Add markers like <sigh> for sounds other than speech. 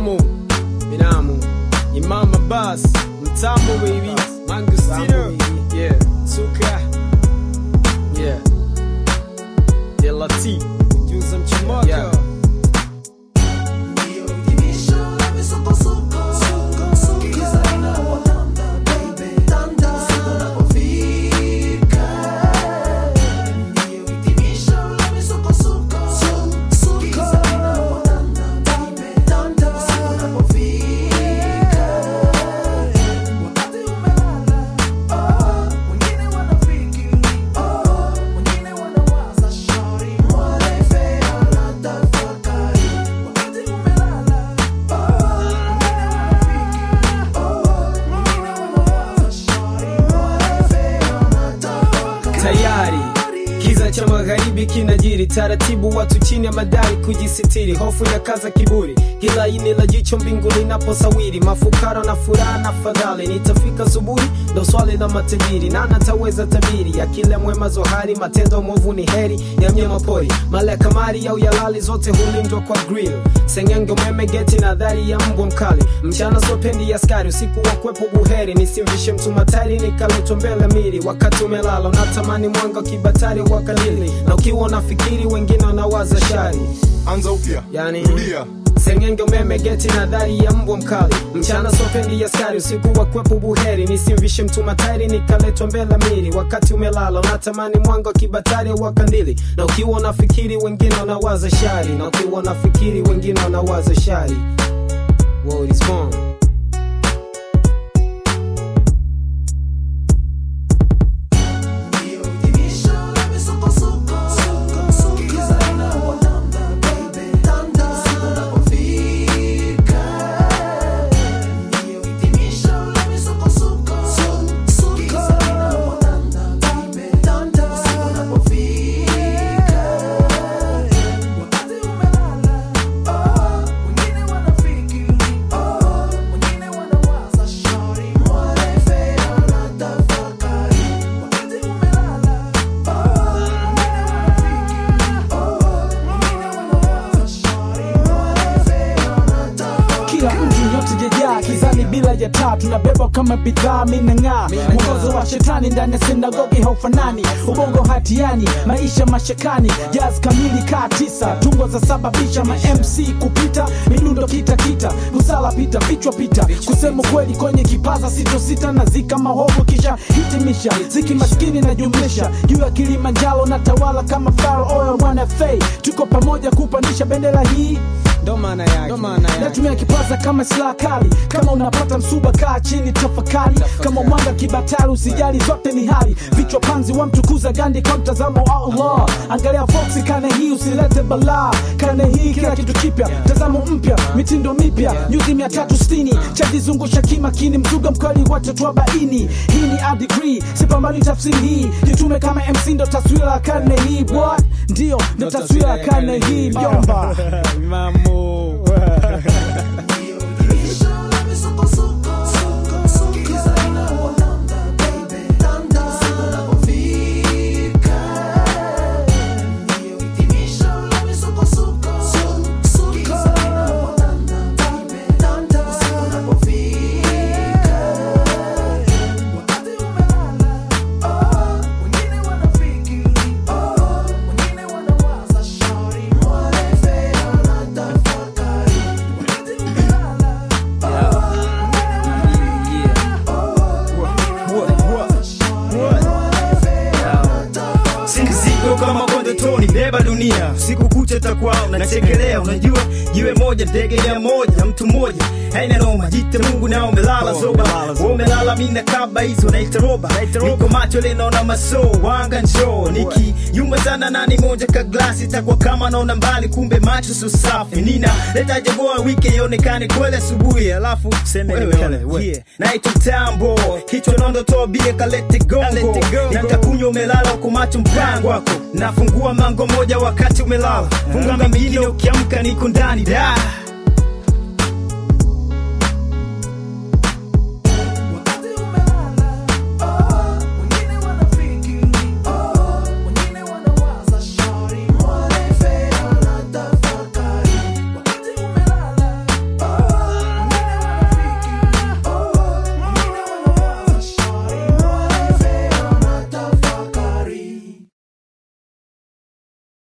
Mamo, Minamu, Imam Abbas, Mtamo baby, Mangustino, yeah, Suka, yeah, Delati, Junzam Chimaka. Yeah. Kiza cha magharibi kinajiri taratibu, watu chini ya madai kujisitiri, hofu ya kaza kiburi, kila ini la jicho mbingu linaposawiri, mafukara na furaha na fadhali. Nitafika asubuhi, ndo swali la matajiri, na nataweza tabiri ya kila mwema zohari, matendo mwovu ni heri ya mnyama pori, mala ya kamari au yalali, zote hulindwa kwa grill, sengenge, umeme, geti na dhari ya mbwa mkali. Mchana sopendi askari, usiku wa kwepo buheri, nisimvishe mtu matari, nikaletwa mbele miri, wakati umelala, natamani mwanga kibatari wa mpaka Na ukiwa unafikiri wengine wanawaza shari, anza upya, yani rudia sengenge umeme geti na dhari ya mbwa mkali mchana sofendi ya skari usiku wa kwepu buheri nisimvishe mtu matari nikaletwa mbela miri wakati umelala unatamani mwanga wa kibatari wa kandili na ukiwa unafikiri wengine wanawaza shari na ukiwa unafikiri wengine wanawaza shari World is kabla ya na bebo kama bidhaa minang'aa mwongozo wa shetani ndani ya sinagogi haufanani ubongo hatiani maisha mashekani jaz kamili kaa tisa tungo za sababisha mc kupita midundo kitakita kusala pita vichwa pita kusema kweli kwenye kipaza sitosita na zika mahovu kisha hitimisha ziki maskini na jumlisha juu ya kilimanjaro na tawala kama faro oyo mwana fei tuko pamoja kupanisha bendera hii ndo maana yake natumia kipaza kama silaha kali kama unapata msuba kaa chini tafakari kama mwanga kibatari usijali zote ni hali vichwa panzi wamtukuza gandi kwa mtazamo wa allah angalia foksi kane hii usilete balaa kane hii kila kitu kipya mtazamo mpya mitindo mipya nyuzi mia tatu sitini chajizungusha kimakini mzuga mkali watatu baini. hii ni adgri sipambani tafsiri hii jitume kama mc ndo taswira ya karne hii bwa ndio ndo taswira ya karne hii mjomba <laughs> mamo <laughs> dunia siku kuteta kwao nachekelea. Unajua jiwe moja ndege ya moja mtu mmoja haina noma, jite Mungu na umelala zoba, wewe umelala mimi na kaba hizo naita roba, niko macho leo naona maso wanga njo niki yuma sana nani moja ka glasi takwa kama naona mbali, kumbe macho so safi nina leta jagoa wiki ionekane kweli asubuhi, alafu sema wewe wewe naita tambo kichwa nondo tobie kalete gongo nitakunywa umelala, uko macho mpango wako nafungua mango moja wakati umelala funga mengine ukiamka niko ndani da